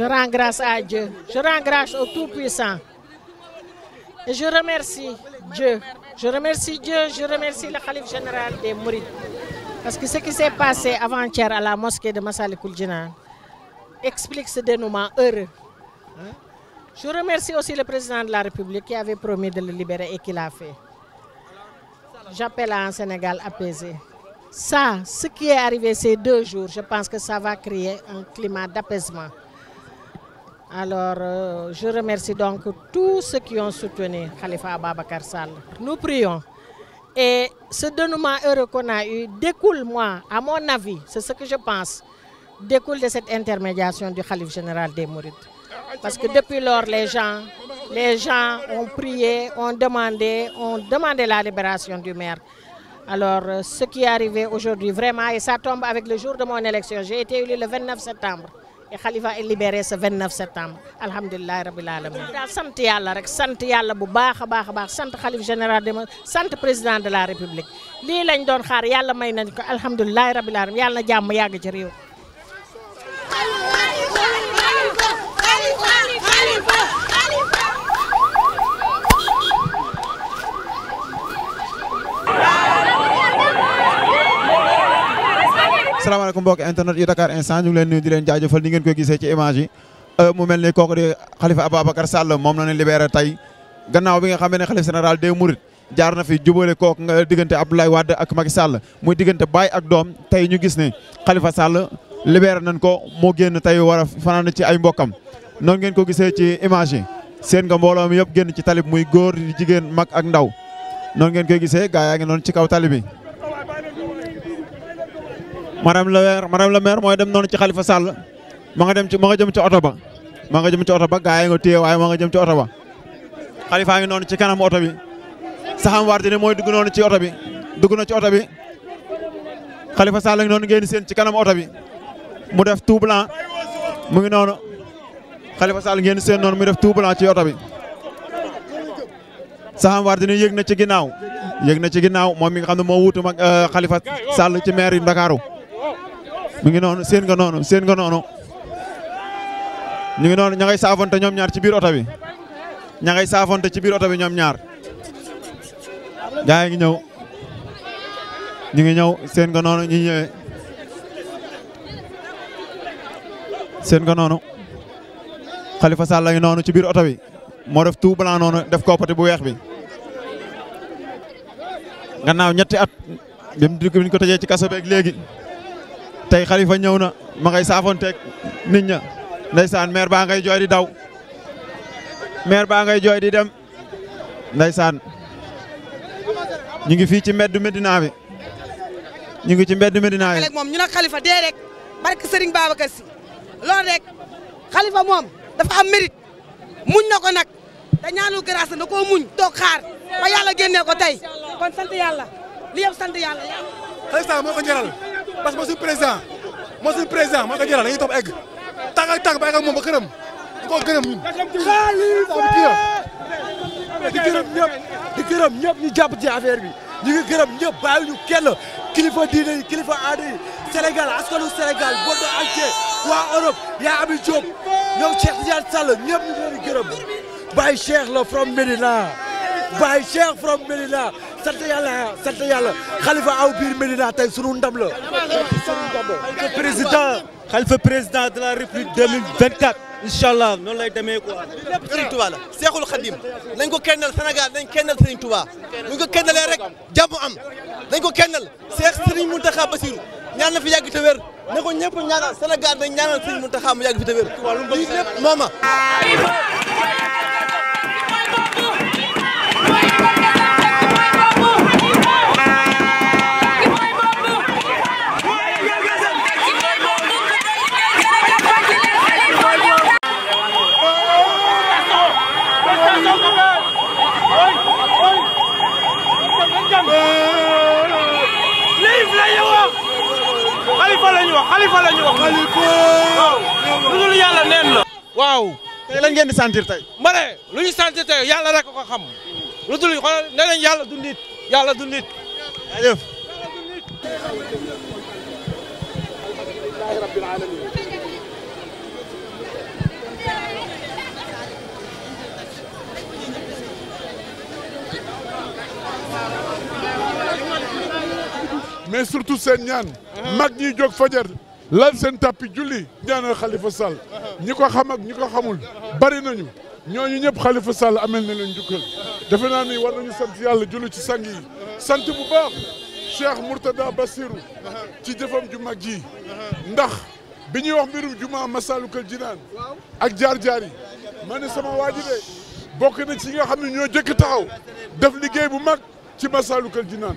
Je rends grâce à Dieu. Je rends grâce au Tout-Puissant. Et je remercie Dieu. Je remercie Dieu. Je remercie le Khalif général des Mourides. Parce que ce qui s'est passé avant-hier à la mosquée de Massalikul Jinan explique ce dénouement heureux. Je remercie aussi le président de la République qui avait promis de le libérer et qui l'a fait. J'appelle à un Sénégal apaisé. Ça, ce qui est arrivé ces deux jours, je pense que ça va créer un climat d'apaisement. Alors, euh, je remercie donc tous ceux qui ont soutenu Khalifa Ababa Karsal. Nous prions. Et ce dénouement heureux qu'on a eu découle, moi, à mon avis, c'est ce que je pense, découle de cette intermédiation du Khalif général des Mourides. Parce que depuis lors, les gens, les gens ont prié, ont demandé, ont demandé la libération du maire. Alors, euh, ce qui est arrivé aujourd'hui, vraiment, et ça tombe avec le jour de mon élection. J'ai été élu le 29 septembre. خليفه اللي بيريس 29 سبتمبر الحمد لله رب العالمين سانت يالا رك سانت يالا بو باخ باخ باخ سانت خليفه جنرال دي سانت بريزيدان دو لا ريبوبليك لي لا ندون خار يالا ماي نانكو الحمد لله رب العالمين يالا جام ياغ جي ريو خليفه خليفه خليفه salaamaaleykum mbokki internet yu Dakar instant ñu leen nuyu di leen jaajëfal ni ngeen ko gisee ci image euh, mu mel ni kook di Khalifa Ababacar Sall moom la ñu libéré tey gannaaw bi nga xamee ne xalif général des Mourides jaar na fi jubale kook nga diggante Abdoulaye Wade ak Macky Sall muy diggante baay ak doom tey ñu gis ni xalifa Sall libéré nañ ko moo génn tey war a fanaan ci ay mbokkam noonu ngeen ko gisee ci image yi seen nga mbooloo mi yëpp génn ci talib muy góor di jigéen mag ak ndaw noonu ngeen gisee gaa yaa ngi noonu ci kaw tali bi madame le maire madame mooy dem noonu ci Khalifa Sall ma nga dem ci ma nga jëm ci oto ba ma nga jëm ci oto ba gaa yi nga téye waaye ma nga jëm ci oto ba Khalifa ngi noonu ci kanam oto bi saxam Wardini mooy dugg noonu ci oto bi dugg na ci oto bi Khalifa Sall ngi noonu ngeen seen ci kanam oto bi mu def tout blanc mu ngi noonu Khalifa Sall ngeen seen noonu mu def tout blanc ci oto bi saxam Wardini yëg na ci ginnaaw yëg na ci ginnaaw moom mi nga xam ne moo wuutu mag euh, Khalifa Sall ci maire yu Ndakaaru mu ngi noonu seen nga noonu seen nga noonu ñu ngi noonu ña ngay saafonte ñoom ñaar ci biir oto bi ña ngay saafonte ci biir bi ñoom ñaar gaa ngi ñëw ñu ngi ñëw seen nga noonu ñu ñëwee seen nga noonu Khalifa noonu ci biir oto bi moo def tout blanc noonu def koopati bu weex bi gannaaw ñetti at bi mu ko tëjee ci kaso beeg léegi tey xalifa ñëw na ma ngay saafonteeg nit ña ndeysaan maire baa ngay jooy di daw maire baa ngay jooy di dem ndeysaan ñu ngi fii ci mbeddu Medina bi ñu ngi ci mbeddu Medina bi. moom ñu nag xalifa dee rek barke Serigne Babacar Sy loolu rek xalifa moom dafa am muñ na ko nag te ñaanul grâce da koo muñ toog xaar ba yàlla génnee ko tey kon sant yàlla li yëpp sant yàlla. xalifa moo ko jaral. parce que ma président ma suñu président maa ko jëlaat dañuy egg tàgg ak ba egg moom ba këram ñu ko gërëm ñun. di gërëm ñëpp di gërëm ñëpp ñu jàpp ci affaire bi ñu ngi gërëm kilifa yi kilifa aada yi Sénégal askanu Sénégal waa Europe yaa Ami Diop ñoom Cheikh Tidiane Sall ñëpp ñu ngi leen di gërëm Baye Cheikh la from Medina Baye Cheikh from sant yàlla ah sant yàlla xalifa aw biir Médina tey sunu ndam la sunu ndam la président xalifa président de la république 2024 incha allah noonu lay demee quoi. lépp Serigne Touba la Seexul Xadim nañ ko kennal Sénégal nañ kennal Serigne Touba bu ñu ko kennalee rek jàmm am nañ ko kennal Seex Serigne Mountakha Bassirou ñaan na fi yàgg te wér ne ko ñëpp ñaanal Sénégal nañ ñaanal Serigne Mountakha mu yàgg fi te wér lii lépp mooma xalifa la ñu wax xalifa waaw. lu dul yàlla neen waaw. di sentir tey. ma lu ñu sentir tey yàlla rek ko xam. lu dul xool nee nañ yàlla du nit mais surtout sen ñaan mag ñi jóg fajar lan sen tapi julli ñaanal Khalifa Sall ñi ko xam ak ñi ko xamul bari nañu ñooñu ñep Khalifa Sall amel na leen jukkel defe na ni war nañu sant yàlla jullu ci sang yi sant bu baax Cheikh murtada Bassirou ci defam ju mag yi ndax biñu wax mbirum juma masalukal jinan ak jaar-jaar yi mané sama waji de bokk na ci nga xamni ñoo jëk taxaw def liggéey bu mag ci masalukal jinan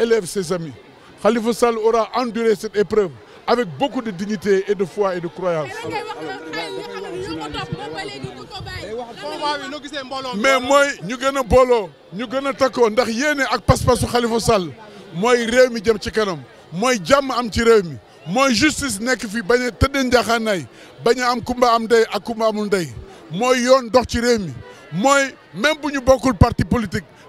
élève ses amis. Khalifa Sall aura enduré cette épreuve avec beaucoup de dignité et de foi et de croyance. mais moi, ñu gën bolo, ñu gën a ndax yene ak pas-pasu Khalifa Sall moy réew mi jëm ci kanam moy am ci mi justice nek fi bañe a tëddee njaaxaanaay am kumba am day ak kumba amul day, moy yoon dox ci mi même bu ñu parti politique.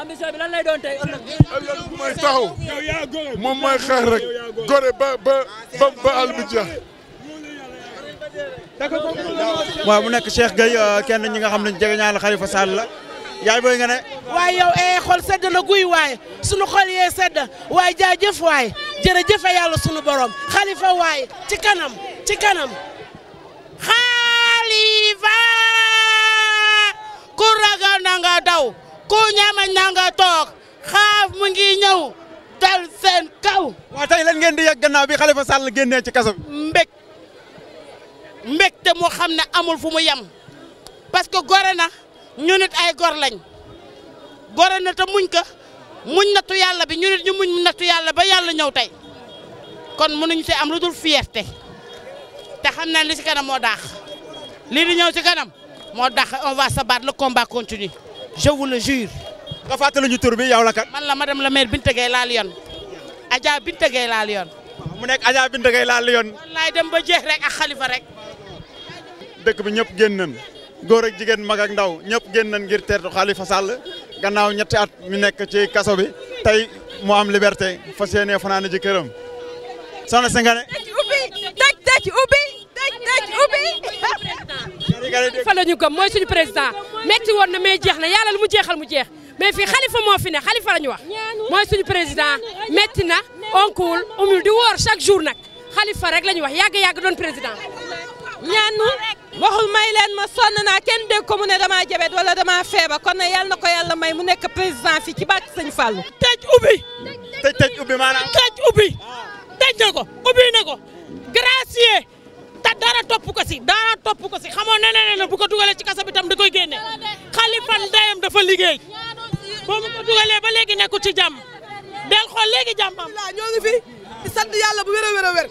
ambition bi lan lay doon bu mooy xeex rek gore ba ba ba ba àll mu nekk Cheikh Gueye euh, kenn ñi nga xam ne jege ñaar Khalifa Sall la. yaay booy nga ne. waaye yow eh xol sedd na guy waay sunu xol yee sedd waaye jaajëf waaye jërëjëf eh, yàlla sunu borom xalifa waaye ci kanam ci kanam. xalifa ku ragal na daw. ku ñama ñanga toog xaaf mu ngi ñëw dal seen kaw. waaw tey lan ngeen di yegg gannaaw bi Khalifa Sall génnee ci kaso bi. mbég mbég te mu xam ne amul fu mu yem parce que gore na ñu ay gor lañ gore na te muñ ka muñ nattu yàlla bi ñu nit ñu muñ nattu yàlla ba yàlla ñëw tey kon mënuñ si am lu dul fierté te xam na li si kanam moo daax lii di ñëw si kanam moo daax on va se battre le combat continue. je vous le jure. nga fàttali ñu bi yow la kat. man la madame la maire Binta Gueye laa Lyon. Adja Binta Gueye laa Lyon. mu nekk Adja Binta Gueye laa Lyon. wallaay dem ba jeex rek ak xalifa rek. dëkk bi ñëpp génn nañ góor jigéen mag ak ndaw ñëpp génn nañ ngir teertu Khalifa Sall gannaaw ñetti at mi nekk ci kaso bi tey mu am liberté fas yéenee fanaan ji këram soxna ne. tëj ubbi tëj tëj ubbi. tëj tëj ubbi. Xalifa la ñu gëm mooy suñu président metti woon na mais jeex na yàlla lu mu jeexal mu jeex mais fii Xalifa moo fi ne Xalifa la ñu wax mooy suñu président metti na onkuwul umul di woor chaque jour nag Xalifa rek la ñu wax yàgg-yàgg doon président. ñaanu waxul may leen ma sonn naa kenn dégg ko mu ne damaa jabet wala damaa feebar kon na yàlla na ko yàlla may mu nekk président fi ci bàkk sëñ Fallou. tëj ubbi. tëj tëj ubbi maanaam. tëj ubbi. Ah. tëj na ko ubbi na ko gracier. dara top ko si dara top ko si xamoo ne na bu ko dugale ci kassa bi tam da koy génne Khalifa ndayam dafa liggéey bo mu ko dugale ba légui nekku ci jam del xool léegi la ñoo ngi fi di sant yalla bu wéré wéré wér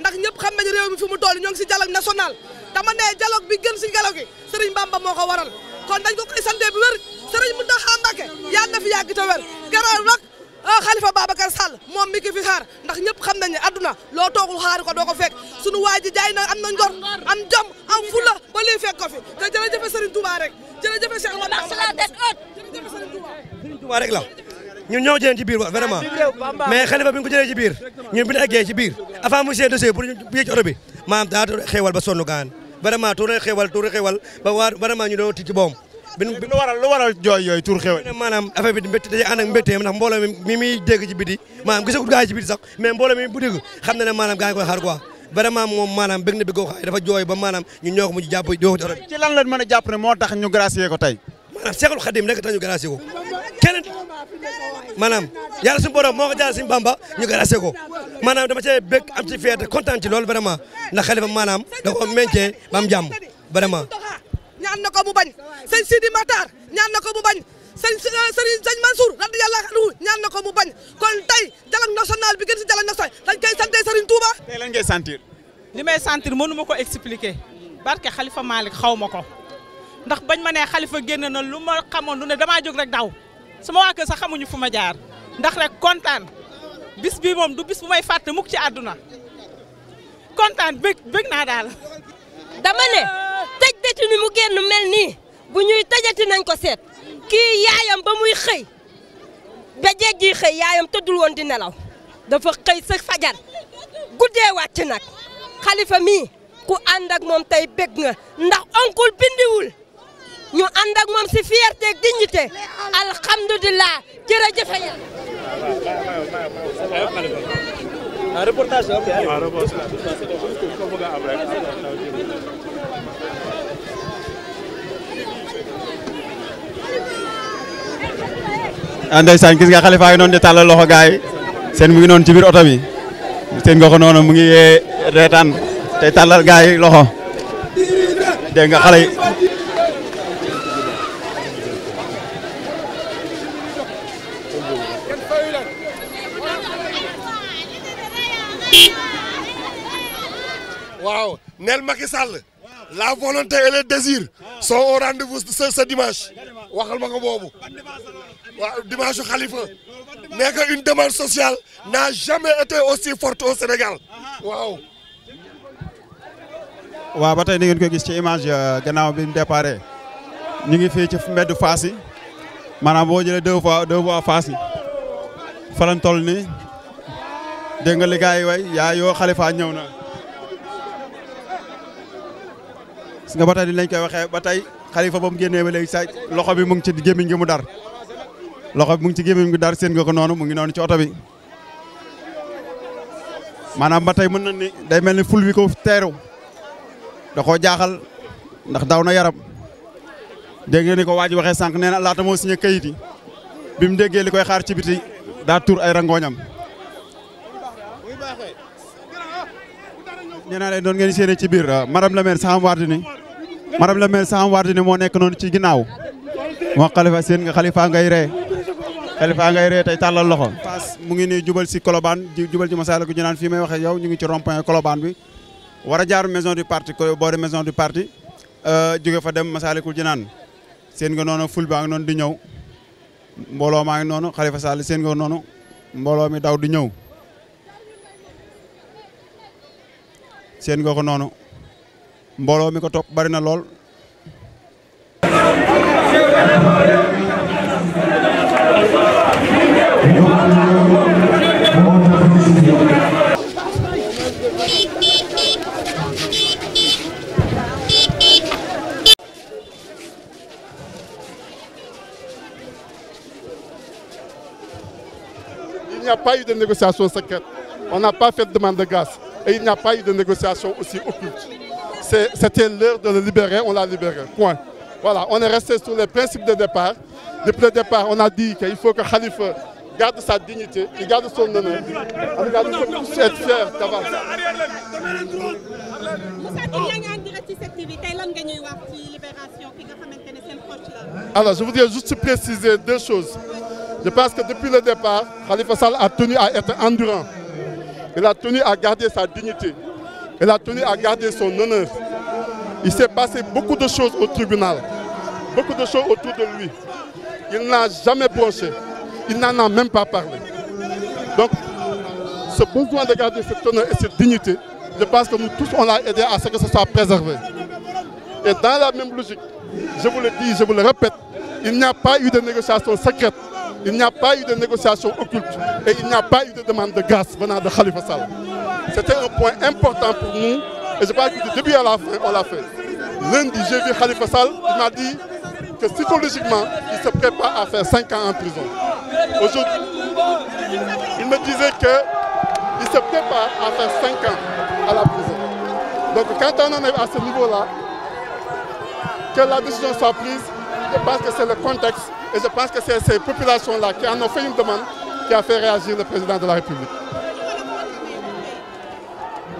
ndax ñepp xam nañ réew mi fi mu toll ñoo ngi ci dialogue national dama ne dialogue bi gën si ngelaw gi Serigne Bamba moko waral kon dañ ko koy santé bu wér Serigne taxa Mbacké yalla fi yàgg ta wér garaaw nak ah Khalifa Babacar Sall moom mi ki fi xaar ndax ñëpp xam nañ ne adduna loo toogul xaari ko doo ko fekk sunu waa ji jaay na am na ngor am jom am fula ba lii fekk ko fi te jërëjëf Serigne Touba rek jërëjëf Cheikh Ahmadou Bamba jërëjëf Serigne Touba Serigne Touba rek la ñun ñoo jëlee ci biir quoi vraiment mais Khalifa bi ngi ko jëlee ci biir ñun bi ñu ci biir avant mu monsieur dossier pour ñu bi ci oto bi maanaam da xeewal ba sonu gaan vraiment tuur xeewal tuur xeewal ba war vraiment ñu do tiit ci bom lu waral lu waral jooy yooyu tur xewal maanaam affaire bi mbétti dañuy ànd ak mbétteem ndax mbooloo mi muy dégg ci biti maanaam gisagut gaa yi ci biti sax mais mbooloo mi bu dégg xam na ne maanaam gaa ngi koy xaar quoi moom maanaam bëgg na bi ko xaar dafa jooy ba maanaam ñun ñoo ko mujj jàpp doo ko a moo tax ñu gracier ko tey maanaam Seexul Xadim rek tax ñu gracier ko kenn maanaam yàlla suñu borom moo ko jaarale suñu bamba ñu gracier ko maanaam dama cee bëgg am ci fierté kontaan ci loolu vraiment ndax xalifa maanaam da ko meññee ba am jàmm ñaan na ko mu bañ sëñ Sidi Matar ñaan na ko mu bañ sëñ Serigne euh, sëñ Mansour radiyallahu anhu ñaan na ko mu bañ kon tey dialogue national bi gën si dialogue national dañ koy sant Serigne Touba. tey lan ngay sentir. li may sentir mënu ko expliquer barke xalifa Malick xaw ma ko ndax bañ ma ne xalifa génn na lu ma xamoon lu ne damaa jóg rek daw sama waa sax xamuñu fu ma jaar ndax rek kontaan bis bi moom du bis bu may fàtte mukk ci àdduna kontaan naa daal ni mu génn mel nii bu ñuy tëjati nañ ko seet kii yaayam ba muy xëy ba jéggi xëy yaayam tëddul woon di nelaw dafa xëy sa fajar guddee wàcc nag xalifa mii ku ànd ak moom tey bég nga ndax onkul bindiwul ñu ànd ak moom si fierté ak dignité alhamdulilah jërëjëf ah ndeysaan gis nga xalifaa ngi noonu di tàllal loxo gaay seen mu ngi noonu ci biir oto seen nga ko noonu mu ngi reetaan tey tàllal gaay loxo dégg nga xale yi waaw neel Macky Sall la volonté et le désir sont rendez-vous ce dimanche waxal ma nga bobu wa dimanche Khalifa nek une demande sociale n'a jamais été aussi forte au Sénégal waaw. wa batay ni ngeen ko gis ci image euh, gannaaw bi déparé ñu ngi fi ci mbedd fasi manam bo jëlé deux fois deux fois fasi falan fa lañ toll nii dégg nga ligay way ya yo Khalifa ñewna nga batay tey lañ koy waxe batay xalifa ba mu génnee ba léegi sa loxo bi mu ngi ci gémmiñ gi mu dar loxo bi mu ngi ci gémmiñ gi dar seen nga ko noonu mu ngi noonu ci oto bi maanaam ba tey mën na ni day mel ni ful wi ko teeru da koo jaaxal ndax daw na yaram dégg nga ni ko waa ji waxee sànq nee na laata moo signé kayit yi bi mu déggee li koy xaar ci biti daa tur ay rangooñam nee naa leen doon ngeen séenee ci biir ah, madame la maire Saham Wardini madame la maire Saham Wardini moo nekk noonu ci ginnaaw moo xalifa seen nga xalifa ngay ree xalifa nga ree tey tàllal loxo paas mu ngi nii jubal si Colobane jubal si ci Massalikul Jinaan fii may waxee yow ñu ngi ci rond-point Colobane bi war a jaar maison du parti boori maison du parti euh, jóge fa dem Massalikul Jinaan seen nga noonu ful baa ngi noonu di ñëw mbooloo maa ngi noonu xalifa Sall seen nga noonu mbooloo mi daw di ñëw seen nga noonu Il n'y a pas eu de négociation secrète. On n'a pas fait de demande de gaz. Et il n'y a pas eu de négociation aussi occulte c'était l'heure de le libérer, on l'a libéré. Point. Voilà, on est resté sur les principes de départ. Depuis le départ, on a dit qu'il faut que Khalifa garde sa dignité, il garde son honneur, il garde son être fier Alors, je voudrais juste préciser deux choses. Je pense que depuis le départ, Khalifa Sall a tenu à être endurant. Il a tenu à garder sa dignité. Elle a tenu à garder son honneur. Il s'est passé beaucoup de choses au tribunal, beaucoup de choses autour de lui. Il n'a jamais penché, il n'en a même pas parlé. Donc, ce besoin de garder cet honneur et cette dignité, je pense que nous tous, on l'a aidé à ce que ce soit préservé. Et dans la même logique, je vous le dis, je vous le répète, il n'y a pas eu de négociation secrète, il n'y a pas eu de négociation occulte et il n'y a pas eu de demande de grâce venant de Khalifa Sall. C'était un point important pour nous et je pense que du début à la fin, on l'a fait. Lundi, j'ai vu Khalifa Sal, il m'a dit que psychologiquement, il se prépare à faire 5 ans en prison. Aujourd'hui, il me disait qu'il se prépare à faire 5 ans à la prison. Donc quand on en est à ce niveau-là, que la décision soit prise, je pense que c'est le contexte et je pense que c'est ces populations-là qui en ont fait une demande qui a fait réagir le président de la République.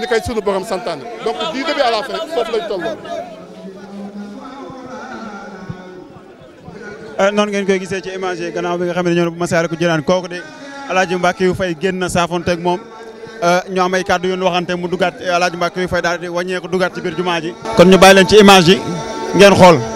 ni koy sunu borom santaane donc du début à la fin foofu lañ tolloo. Euh, ngeen koy gisee ci image yi bi nga xam ne ñoo Massalikul Jinaan kooku de El Hadj Mbacke yu fay génn saafonteeg moom euh, ñu am ay kàddu yu waxante mu dugaat El Hadj Mbacke yu fay daal di wàññeeku dugaat ci biir jumaa ji. kon ñu bàyyi leen ci image yi ngeen xool.